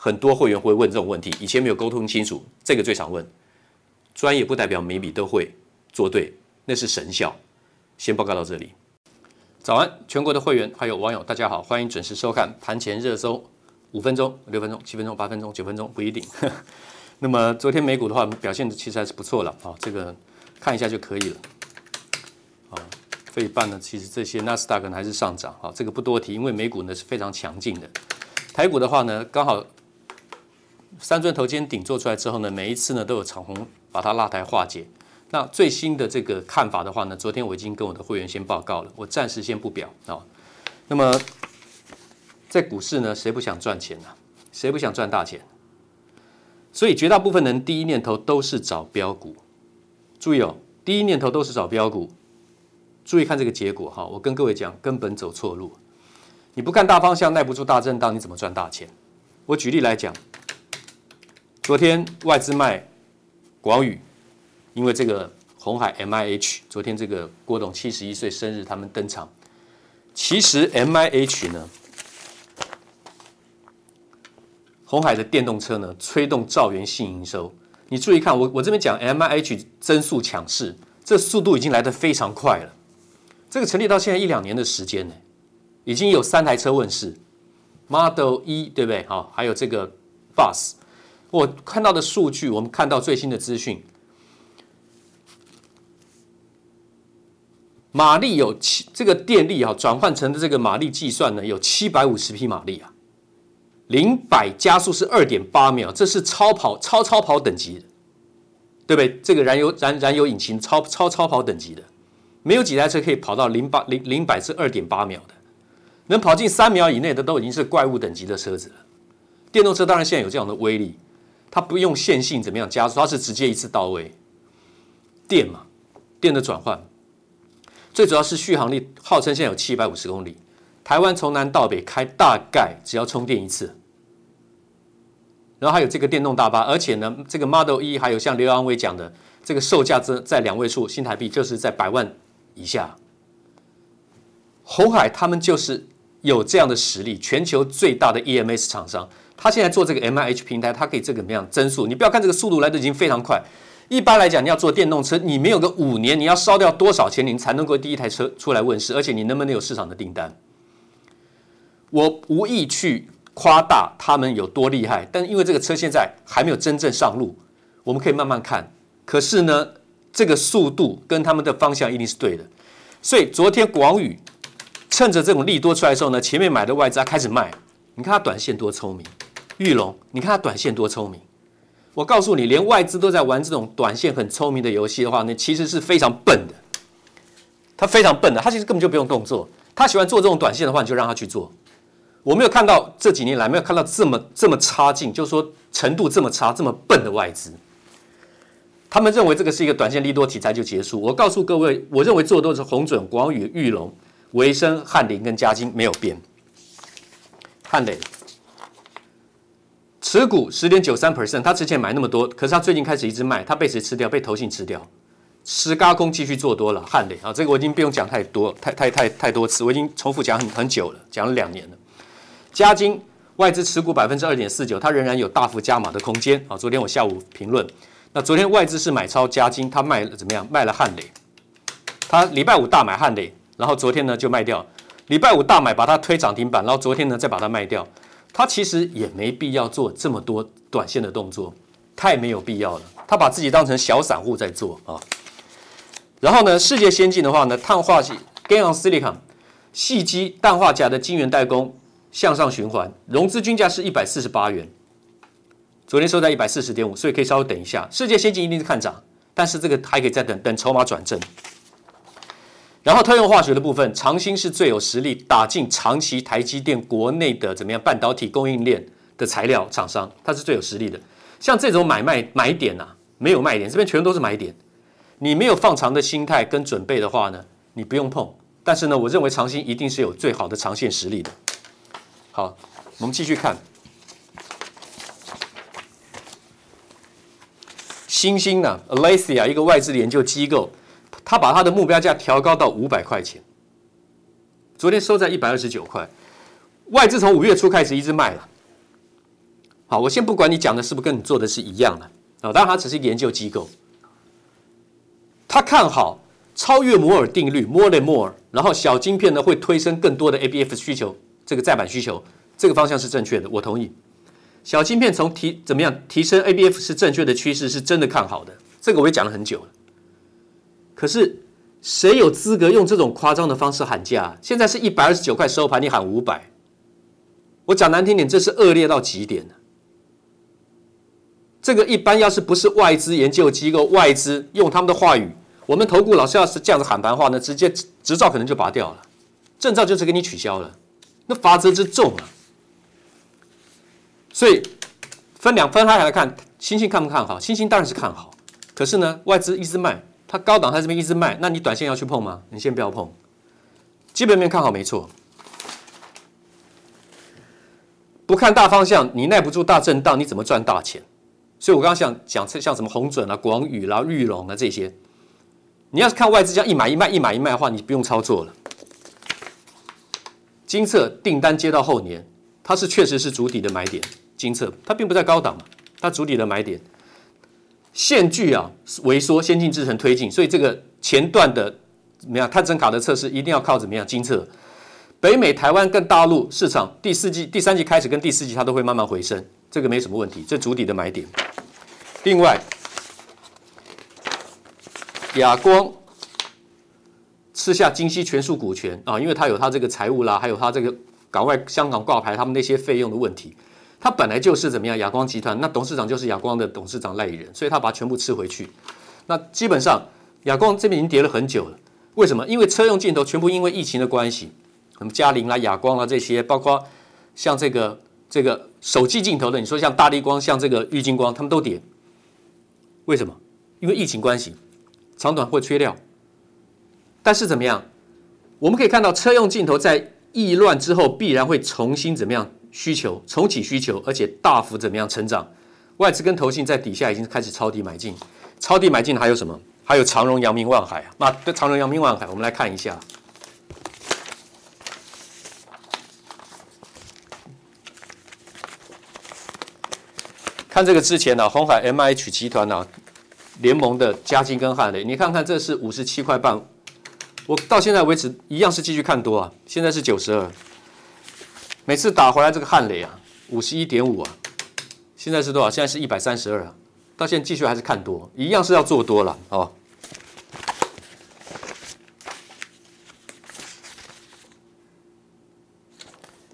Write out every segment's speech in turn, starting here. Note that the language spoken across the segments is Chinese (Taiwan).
很多會員會問這種問題，以前沒有溝通清楚，這個最常問。專業不代表每筆都會做對，那是神效。先報告到這裡。早安，全國的會員還有網友，大家好，歡迎準時收看盤前熱搜。五分鐘、六分鐘、七分鐘、八分鐘、九分鐘不一定呵呵。那麼昨天美股的話，表現的其實還是不錯了啊、哦，這個看一下就可以了。啊、哦，這一半呢，其實這些納斯達克還是上漲啊、哦，這個不多提，因為美股呢是非常強勁的。台股的話呢，剛好。三尊頭肩頂做出來之後呢，每一次呢都有長紅把它拉抬化解。那最新的這個看法的話呢，昨天我已經跟我的會員先報告了，我暫時先不表啊、哦。那麼在股市呢，誰不想賺錢呢、啊？誰不想賺大錢？所以絕大部分人第一念頭都是找標股。注意哦，第一念頭都是找標股。注意看這個結果哈、哦，我跟各位講，根本走錯路。你不看大方向，耐不住大震盪，你怎麼賺大錢？我舉例來講。昨天外資賣廣宇，因為這個鴻海 M I H，昨天這個郭董七十一歲生日，他們登場。其實 M I H 呢，鴻海的電動車呢，推動兆元性營收。你注意看，我我這邊講 M I H 增速強勢，這速度已經來得非常快了。這個成立到現在一兩年的時間呢，已經有三台車問世，Model 一、e, 對不對？好、哦，還有這個 Bus。我看到的數據，我們看到最新的資訊，馬力有七，這個電力啊轉換成的這個馬力計算呢，有七百五十匹馬力啊，零百加速是二點八秒，這是超跑，超超跑等級的，對不對？這個燃油燃燃油引擎超超超跑等級的，沒有幾台車可以跑到零八零零百至二點八秒的，能跑進三秒以內的都已經是怪物等級的車子了。電動車當然現在有這樣的威力。它不用線性怎麼樣加速，它是直接一次到位，電嘛，電的轉換，最主要是續航力，號稱現在有七百五十公里，台灣從南到北開大概只要充電一次，然後還有這個電動大巴，而且呢，這個 Model E 還有像劉安偉講的，這個售價在在兩位數新台幣，就是在百萬以下，鴻海他們就是有這樣的實力，全球最大的 EMS 廠商。他現在做這個 MIH 平台，它可以這個怎麼樣增速？你不要看這個速度來得已經非常快。一般來講，你要做電動車，你沒有個五年，你要燒掉多少錢，你才能夠第一台車出來問世？而且你能不能有市場的訂單？我無意去誇大他們有多厲害，但因為這個車現在還沒有真正上路，我們可以慢慢看。可是呢，這個速度跟他們的方向一定是對的。所以昨天廣宇趁着這種利多出來的時候呢，前面買的外資開始賣，你看他短線多聰明。裕隆，你看他短線多聰明！我告訴你，連外資都在玩這種短線很聰明的遊戲的話，你其實是非常笨的。他非常笨的，他其實根本就不用動作。他喜歡做這種短線的話，你就讓他去做。我沒有看到這幾年來沒有看到這麼這麼差勁，就是說程度這麼差，這麼笨的外資。他們認為這個是一個短線利多題材就結束。我告訴各位，我認為做的都是鴻準、廣宇、裕隆、為升、漢磊跟嘉晶沒有變。漢磊。持股十點九三 percent，他之前買那麼多，可是他最近開始一直賣，他被誰吃掉？被投信吃掉。十家空繼續做多了漢磊啊，這個我已經不用講太多，太太太太多次，我已經重複講很很久了，講了兩年了。嘉晶外資持股百分之二點四九，它仍然有大幅加碼的空間啊。昨天我下午評論，那昨天外資是買超嘉晶，它賣了怎麼樣？賣了漢磊。它禮拜五大買漢磊，然後昨天呢就賣掉。禮拜五大買把它推漲停板，然後昨天呢再把它賣掉。他其實也沒必要做這麼多短線的動作，太沒有必要了。他把自己當成小散戶在做啊。然後呢，世界先進的話呢，碳化矽、GaN on Silicon，矽基氮化鎵的晶圓代工向上循環，融資均價是一百四十八元，昨天收在一百四十點五，所以可以稍微等一下。世界先進一定是看漲，但是這個還可以再等等籌碼轉正。然後，通用化學的部分，長興是最有實力打進長期台積電國內的怎麼樣半導體供應鏈的材料廠商，它是最有實力的。像這種買賣買點吶、啊，沒有賣點，這邊全都是買點。你沒有放長的心態跟準備的話呢，你不用碰。但是呢，我認為長興一定是有最好的長線實力的。好，我們繼續看。新興呢、啊、Alasia 一個外資研究機構。他把他的目標價調高到五百塊錢，昨天收在一百二十九塊。外資從五月初開始一直賣了。好，我先不管你講的是不是跟你做的是一樣的啊、哦，當然他只是一個研究機構，他看好超越摩爾定律摩了摩爾，more than Moore, 然後小晶片呢會推升更多的 ABF 需求，這個再版需求，這個方向是正確的，我同意。小晶片從提怎麼樣提升 ABF 是正確的趨勢，是真的看好的，這個我也講了很久了。可是誰有資格用這種誇張的方式喊價啊？現在是一百二十九塊收盤，你喊五百，我講難聽點，這是惡劣到極點。這個一般要是不是外資研究機構，外資用他們的話語，我們投顧老師要是這樣子喊盤的話呢，直接執照可能就拔掉了，證照就只給你取消了，那罰則之重啊！所以分兩分開來看，星星看不看好？星星當然是看好，可是呢，外資一直賣。它高檔，它這邊一直賣，那你短線要去碰嗎？你先不要碰。基本面看好沒錯，不看大方向，你耐不住大震盪，你怎麼賺大錢？所以我剛剛想講像什麼鴻準啊、廣宇啦、裕隆啦這些，你要是看外資這樣一買一賣、一買一賣的話，你不用操作了。金策訂單接到後年，它是確實是主底的買點。金策它並不在高檔嘛，它主底的買點。線距啊萎縮，先進製程推進，所以這個前段的怎麼樣？探針卡的測試一定要靠怎麼樣精測？北美、台灣跟大陸市場第四季、第三季開始跟第四季，它都會慢慢回升，這個沒什麼問題，這是築底的買點。另外，亞光吃下精熙全數股權啊，因為它有它這個財務啦，還有它這個港外香港掛牌他們那些費用的問題。他本來就是怎麼樣？亞光集團那董事長就是亞光的董事長賴以仁，所以他把它全部吃回去。那基本上亞光這邊已經跌了很久了。為什麼？因為車用鏡頭全部因為疫情的關係，什麼佳凌啦、亞光啦、啊、這些，包括像這個這個手機鏡頭的，你說像大立光、像這個玉晶光，他們都跌。為什麼？因為疫情關係，長短會缺掉。但是怎麼樣？我們可以看到，車用鏡頭在疫亂之後必然會重新怎麼樣？需求重啟需求，而且大幅怎麼樣成長？外資跟投信在底下已經開始抄底買進，抄底買進還有什麼？還有長榮、陽明、萬海啊！那長榮、陽明、萬海，我們來看一下。看這個之前呢、啊，鴻海 MIH 集團呢、啊，聯盟的嘉晶跟漢磊，你看看這是五十七塊半，我到現在為止一樣是繼續看多啊，現在是九十二。每次打回來這個漢磊啊，五十一點五啊，現在是多少？現在是一百三十二啊，到現在繼續還是看多，一樣是要做多了哦。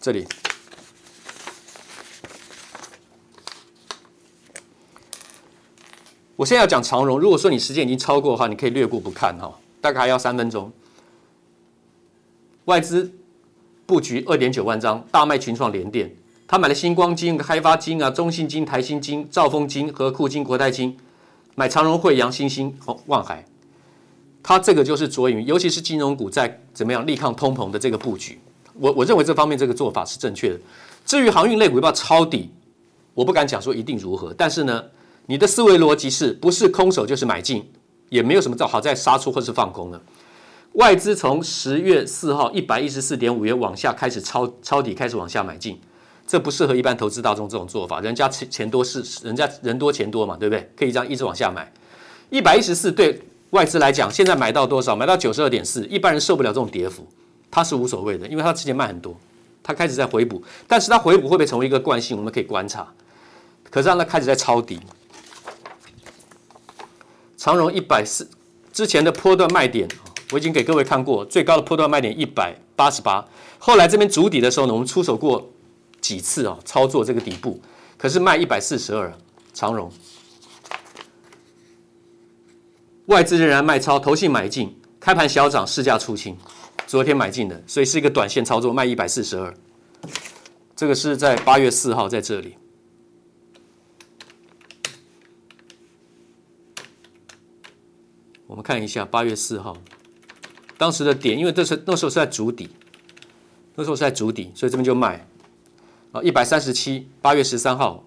這裡，我現在要講長榮。如果說你時間已經超過的話，你可以略過不看哈、哦，大概還要三分鐘。外資。布局二點九萬張大賣群創聯電，他買了新光金、開發金啊、中信金、台新金、兆豐金合庫金國泰金，買長榮慧洋新興、萬、哦、海，他這個就是着眼於尤其是金融股在怎麼樣力抗通膨的這個布局，我我認為這方面這個做法是正確的。至於航運類股要不要抄底，我不敢講說一定如何，但是呢，你的思維邏輯是不是空手就是買進，也沒有什麼造好在殺出或是放空了。外資從十月四號一百一十四點五元往下開始抄抄底，開始往下買進，這不適合一般投資大眾這種做法。人家錢多是人家人多錢多嘛，對不對？可以這樣一直往下買，一百一十四對外資來講，現在買到多少？買到九十二點四，一般人受不了這種跌幅，他是無所謂的，因為他之前賣很多，他開始在回補，但是他回補會不會成為一個慣性？我們可以觀察。可是讓他開始在抄底，長榮一百四之前的波段賣點。我已經給各位看過最高的波段賣點一百八十八，後來這邊築底的時候呢，我們出手過幾次啊？操作這個底部，可是賣一百四十二，長榮外資仍然賣超，投信買進，開盤小漲，市價出清。昨天買進的，所以是一個短線操作，賣一百四十二。這個是在八月四號在這裡，我們看一下八月四號。當時的點，因為這是那時候是在築底，那時候是在築底，所以這邊就賣啊，一百三十七，八月十三號，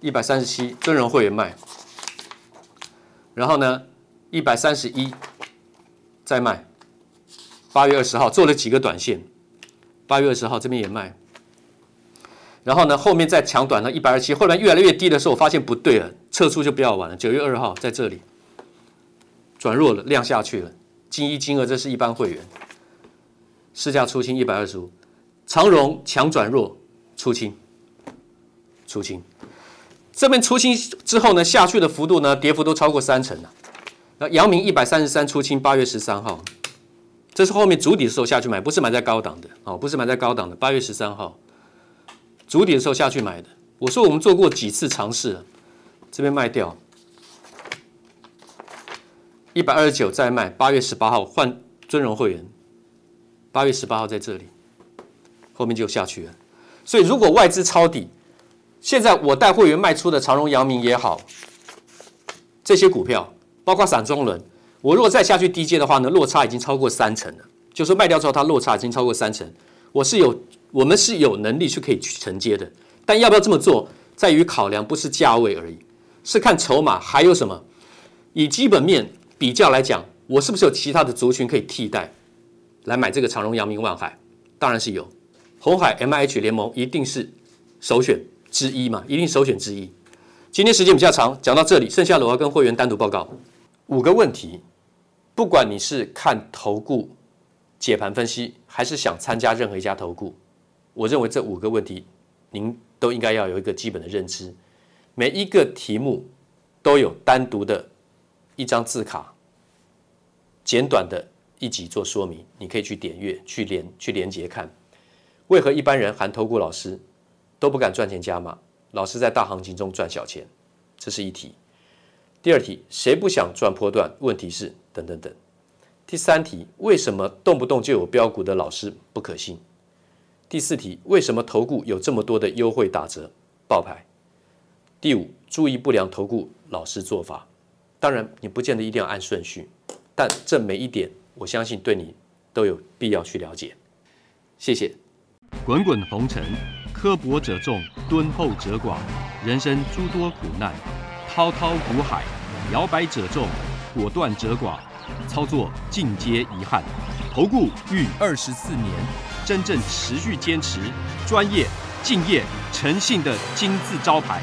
一百三十七，尊榮會員賣，然後呢，一百三十一再賣，八月二十號做了幾個短線，八月二十號這邊也賣，然後呢，後面再搶短了一百二十七，後來越來越低的時候，我發現不對了，撤出就不要玩了，九月二號在這裡。轉弱了，量下去了，金一、金二，這是一般會員。市價出清一百二十五，長榮強轉弱出清，出清。這邊出清之後呢，下去的幅度呢，跌幅都超過三成了。那陽明一百三十三出清，八月十三號，這是後面築底的時候下去買，不是買在高檔的哦，不是買在高檔的，八月十三號，築底的時候下去買的。我說我們做過幾次嘗試，這邊賣掉。一百二十九再賣，八月十八號換尊榮會員。八月十八號在這裡，後面就下去了。所以如果外資抄底，現在我帶會員賣出的長榮、陽明也好，這些股票包括散裝輪，我如果再下去低接的話呢，落差已經超過三成了。就是賣掉之後，它落差已經超過三成。我是有，我們是有能力去可以去承接的。但要不要這麼做，在於考量不是價位而已，是看籌碼還有什麼，以基本面。比較來講，我是不是有其他的族群可以替代來買這個長榮、陽明、萬海？當然是有，鴻海 MIH 聯盟一定是首選之一嘛，一定首選之一。今天時間比較長，講到這裡，剩下的我要跟會員單獨報告五個問題。不管你是看投顧解盤分析，還是想參加任何一家投顧，我認為這五個問題您都應該要有一個基本的認知。每一個題目都有單獨的。一張字卡，簡短的一集做說明，你可以去點閱、去連、去連接看，為何一般人含投顧老師都不敢賺錢加碼？老師在大行情中賺小錢，這是一題。第二題，誰不想賺波段？問題是等等等。第三題，為什麼動不動就有標股的老師不可信？第四題，為什麼投顧有這麼多的優惠打折報牌？第五，注意不良投顧老師做法。當然，你不見得一定要按順序，但這每一點，我相信對你都有必要去了解。謝謝。滾滾紅塵，刻薄者眾，敦厚者寡；人生諸多苦難，滔滔苦海，搖擺者眾，果斷者寡。操作盡皆遺憾，投顧逾二十四年，真正持續堅持、專業、敬業、誠信的金字招牌。